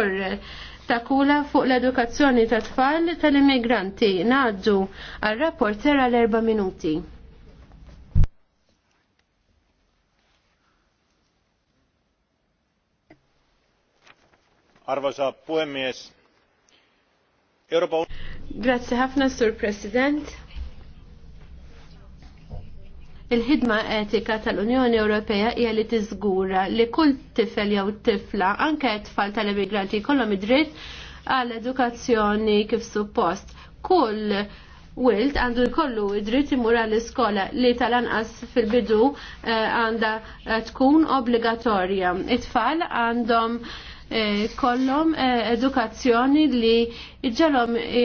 dottor qosor ta' kula fuq l-edukazzjoni ta' tfal tal-immigranti. Naddu għal rapporter għal erba minuti. Arvoisa puhemies. Grazie ħafna, Sur President. Il-ħidma etika tal-Unjoni Ewropea hija li tiżgura li kull tifel jew tifla, anke tfal tal-immigranti jkollhom id-dritt għall edukazzjoni kif suppost. Kull wilt għandu jkollu id-dritt imur għall-iskola li tal-anqas fil-bidu eh, għandha eh, tkun obbligatorja. It-tfal għandhom E, kollom e, edukazzjoni li ġalom e,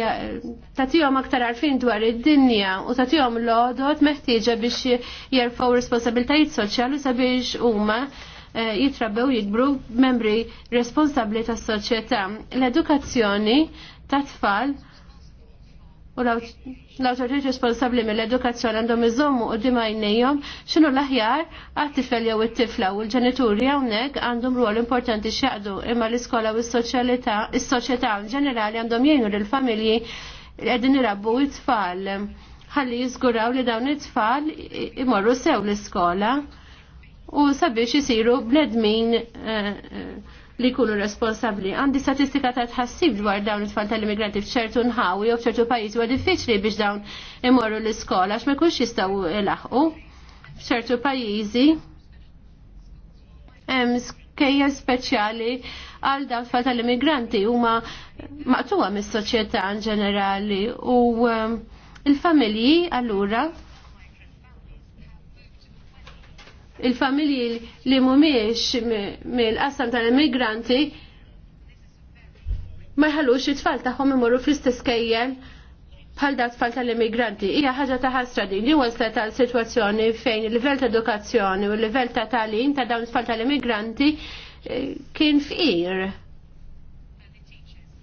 tatijom aktar arfin dwar id-dinja u tatijom l-odot meħtieġa biex jerfaw responsabiltajiet soċjali sabiex huma jitrabbew jikbru membri responsabli tas-soċjetà. L-edukazzjoni ta' tfal u l autoriti responsabli mill-edukazzjoni għandhom iżommu u dima jnejjom xinu l-aħjar għat-tifel jew it-tifla u l-ġenituri hawnhekk għandhom rol importanti x'jaqdu imma l-iskola u s-soċjetà ġenerali għandhom jgħinu lill-familji li qegħdin irabbu it-tfal ħalli jiżguraw li dawn it-tfal imorru sew l-iskola u sabiex isiru bledmin eh, eh, li jkunu responsabli. Għandi statistika ta' tħassib dwar dawn it-tfal tal-immigranti f'ċertu nħawi u f'ċertu pajjiżi huwa diffiċli biex dawn imorru l-iskola għax ma jkunx jistgħu ilaħqu. F'ċertu pajjiżi hemm kejja speċjali għal dawn tfal tal-immigranti huma maqtuwa mis-soċjetà in ġenerali u ehm, il-familji allura il-familji li mumiex mill qasam tal-immigranti ma jħallux it-tfal tagħhom imorru fl-istess kejjel bħal dak tfal tal-immigranti. Hija ħaġa ta' ħasra din li waslet ta' sitwazzjoni fejn il-livell ta' edukazzjoni u l-livell ta' talin ta' dawn tfal tal-immigranti eh, kien fqir.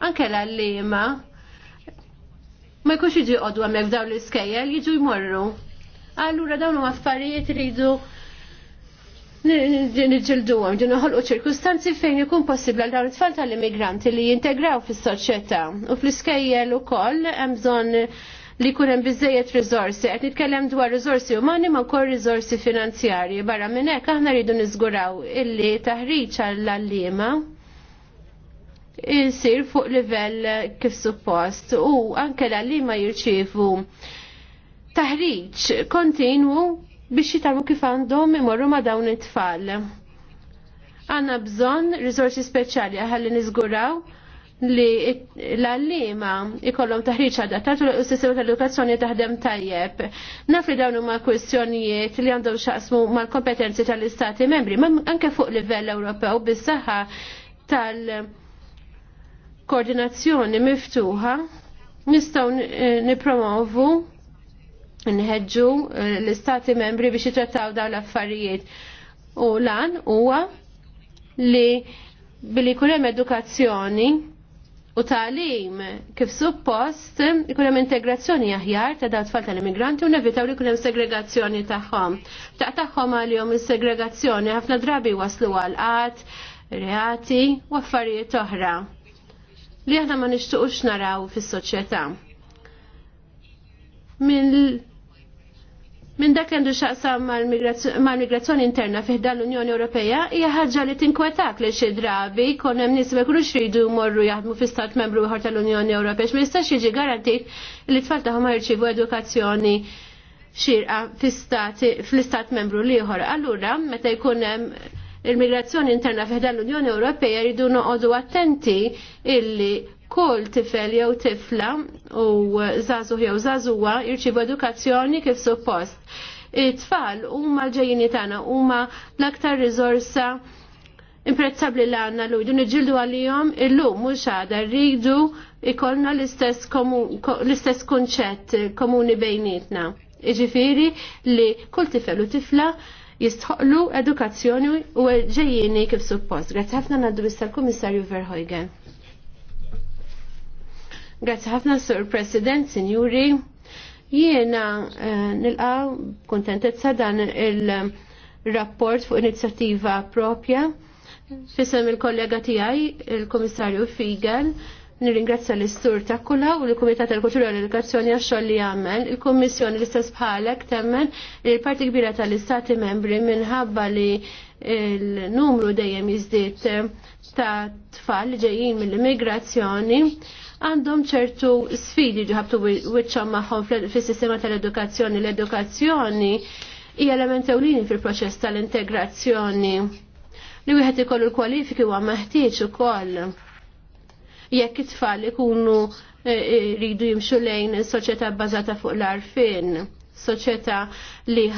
Anke l-allima ma jkunx jiġi jqodu għamek dawn l-iskejjel jiġu jmorru. Allura dawn huma affarijiet iridu nġildu għom, ġinu ħolqu ċirkustanzi fejn ikun possibla l-dawn it-tfal tal-immigranti li jintegraw fis-soċjetà u fl-iskejjel ukoll hemm bżonn li jkun hemm biżejjed riżorsi. Qed nitkellem dwar rizorsi umani ma wkoll rizorsi finanzjarji. Barra minn hekk aħna rridu niżguraw illi taħriġ għall-allima jsir fuq livell kif suppost u anke l-allima jirċievu taħriġ kontinwu biex jitamu kif għandhom imorru ma' dawn it-tfal. Għanna bżon risorsi speċjali għalli nizguraw li l għallima ikollhom taħriġ adattat u l-sistema tal-edukazzjoni taħdem tajjeb. Naf li dawn huma kwistjonijiet li għandhom xaqsmu mal-kompetenzi tal-istati membri, ma anke fuq livell Ewropew bis-saħħa tal-koordinazzjoni miftuħa nistgħu nipromovu nħedġu eh, l-istati membri biex jitrattaw daw l-affarijiet. U lan huwa li billi kulem edukazzjoni u talim kif suppost kulem integrazzjoni aħjar ta' daw tfal tal-immigranti u nevitaw li kulem segregazzjoni tagħhom. Ta' tagħhom għalihom is-segregazzjoni ħafna drabi waslu għal qat reati u affarijiet oħra li aħna ma nixtuqux naraw fis-soċjetà. Mill Minn dak għandu xaqsam mal-migrazzjoni interna fiħdan l-Unjoni Ewropeja, hija ħaġa li tinkwetak li xi drabi jkun hemm nies ma jkunux jridu jmorru jaħdmu fi stat membru ieħor tal-Unjoni Ewropea ma jistax jiġi garantit li t tfal tagħhom jirċievu edukazzjoni xirqa fl-istat membru l-ieħor. Allura, meta jkun hemm il-migrazzjoni interna fiħdan l-Unjoni Ewropeja, jridu noqogħdu attenti illi kull tifel jew tifla u zazu jew zazuwa jirċivu edukazzjoni kif suppost. It-tfal huma l-ġejjini tagħna huma l-aktar riżorsa imprezzabli l għanna l jdu nġildu għalijom il-lum mux għada rridu ikollna l-istess kunċett komuni bejnietna. Iġifiri li kull tifel u tifla jistħoqlu edukazzjoni u ġejjini kif suppost. Grazie ħafna għaddu issa l-Komissarju Verhoegen. Grazzi ħafna Sur President, Sinjuri. Jiena eh, nilqa' kontentezza dan il-rapport fuq inizjattiva propja. Fisem il-kollega tiegħi, il-Komissarju Figel, nirringrazzja l-istur ta' kulla u l-Kumitat tal-Kultura u l-Edukazzjoni għax-xogħol li għamel. Il-Kummissjoni l-istess bħalek temmen li l-parti kbira tal-Istati membri minħabba li l-numru dejjem jiżdied ta' tfal li ġejjin mill-immigrazzjoni għandhom ċertu sfidi ġuħabtu wiċċom maħħom fil-sistema tal-edukazzjoni. L-edukazzjoni hija element ewlieni fil-proċess tal-integrazzjoni. Li wieħed ikollu l-kwalifiki huwa meħtieġ ukoll. Jekk it-tfal ikunu rridu eh, jimxu lejn soċjetà bbażata fuq l-arfin, soċjetà li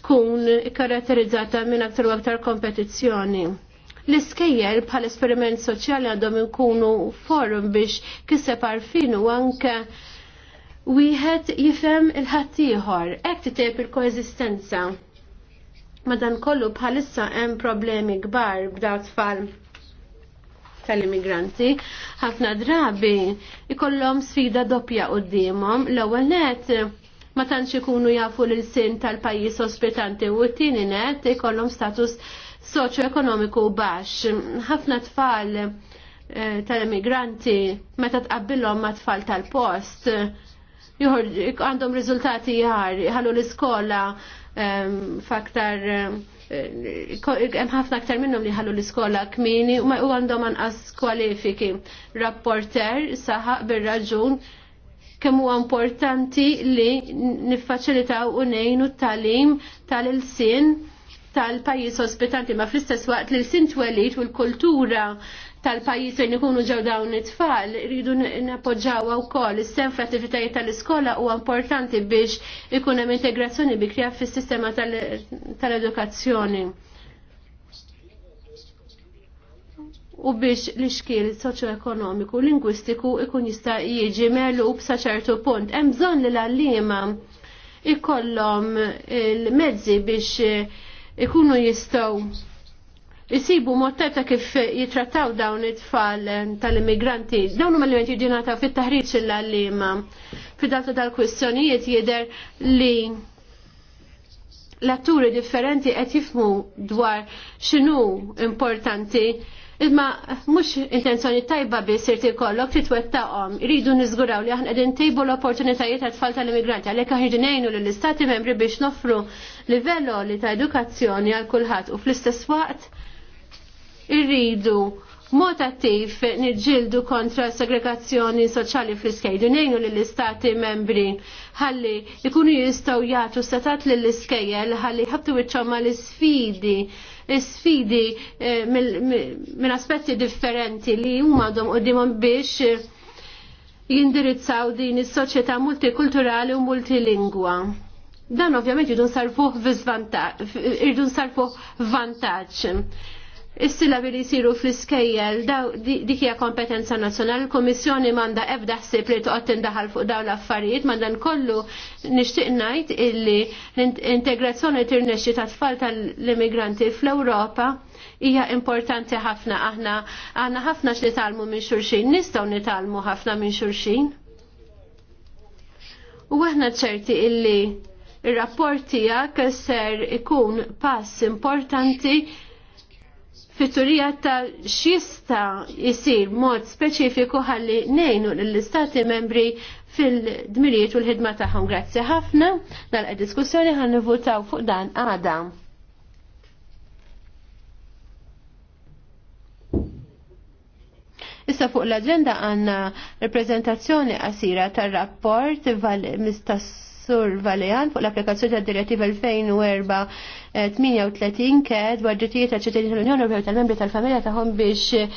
tkun karatterizzata minn aktar u aktar kompetizzjoni. L-iskejjer bħal esperiment soċjali għadhom inkunu forum biex kiseb għarfinu anke wieħed jifhem il-ħaddieħor, hekk titep il-koeżistenza. Madan kollu bħalissa hemm problemi kbar b'daw tfal tal-immigranti, ħafna drabi ikollhom sfida doppja qudiemhom. L-ewwel net ma tantx ikunu jafu l-sin tal-pajjiż ospitanti u t-tieni net ikollhom status soċjo-ekonomiku baxx. Ħafna tfal eh, tal-immigranti meta tqabbilhom ma' tfal tal-post għandhom riżultati jgħar, ħallu l-iskola ehm, faktar eh, hemm ħafna aktar minnhom li ħallu l-iskola kmini u għandhom anqas kwalifiki. Rapporter saħaq bir-raġun kemm huwa importanti li niffaċilitaw u nejnu t-talim tal-ilsien tal ilsien tal-pajjiż ospitanti ma fl-istess waqt li sintwelit u l-kultura tal pajis fejn ikunu ġew dawn it-tfal rridu nappoġġaw wkoll is-sem fl-attivitajiet tal-iskola huwa importanti biex ikun hemm integrazzjoni bikrija fis-sistema tal-edukazzjoni. u biex l-iskil soċjoekonomiku lingwistiku ikun jista' jiġi melu sa ċertu punt. Hemm bżonn li l-għalliema ikollhom il-mezzi biex ikunu jistaw jisibu mottajb ta' kif jitrattaw dawn it-tfal tal-immigranti. Dawn huma l-elementi ġinata fit-taħriġ l-għallima. Fidalta tal kwistjonijiet jider li l-atturi differenti qed jifmu dwar x'inhu importanti Imma mhux intenzjoni tajba biss irid ikollok titwettaqhom, iridu niżguraw li aħna qegħdin tejbu l-opportunitajiet għat tfal tal-immigranti għalhekk aħna ngħinu lill-istati membri biex nofru livello li ta' edukazzjoni għal kulħadd u fl-istess waqt irridu mod attiv nidġildu kontra segregazzjoni soċjali fl-iskejdu, nejnu l-istati membri ħalli ikunu jistaw jgħatu statat l-iskejjel ħalli ħabtu iċċomma l-sfidi sfidi eh, minn aspetti differenti li huma għadhom dimon biex eh, jindirizzaw din is-soċjetà multikulturali u multilingwa. Dan ovvjament jidun nsarfu vantaġġ is sila li jisiru fl-iskejjel, dik hija kompetenza nazzjonali, l-Kummissjoni m'għandha ebda ħsieb li toqgħod tindaħal fuq dawn l-affarijiet, ma nkollu nixtieq ngħid illi l-integrazzjoni tirnexxi ta' tfal tal-immigranti fl-Ewropa hija importanti ħafna aħna għandna ħafna xli talmu minn xulxin, nistgħu nitalmu ħafna minn xulxin. U aħna ċerti illi ir-rapport tiegħek ser ikun pass importanti fiturija ta' xista jisir mod speċifiku ħalli nejnu l-istati membri fil-dmirijiet u l-ħidma tagħhom. Grazzi ħafna, nalqa diskussjoni ħan votaw fuq dan għada. Issa fuq l-agenda għanna reprezentazzjoni qasira tar-rapport mistas Sur Valean fuq l-applikazzjoni tad direttiva 2004-38 eh, ked dwar ġitijiet ċittadini tal-Unjoni Ewropea tal-membri tal-familja tagħhom biex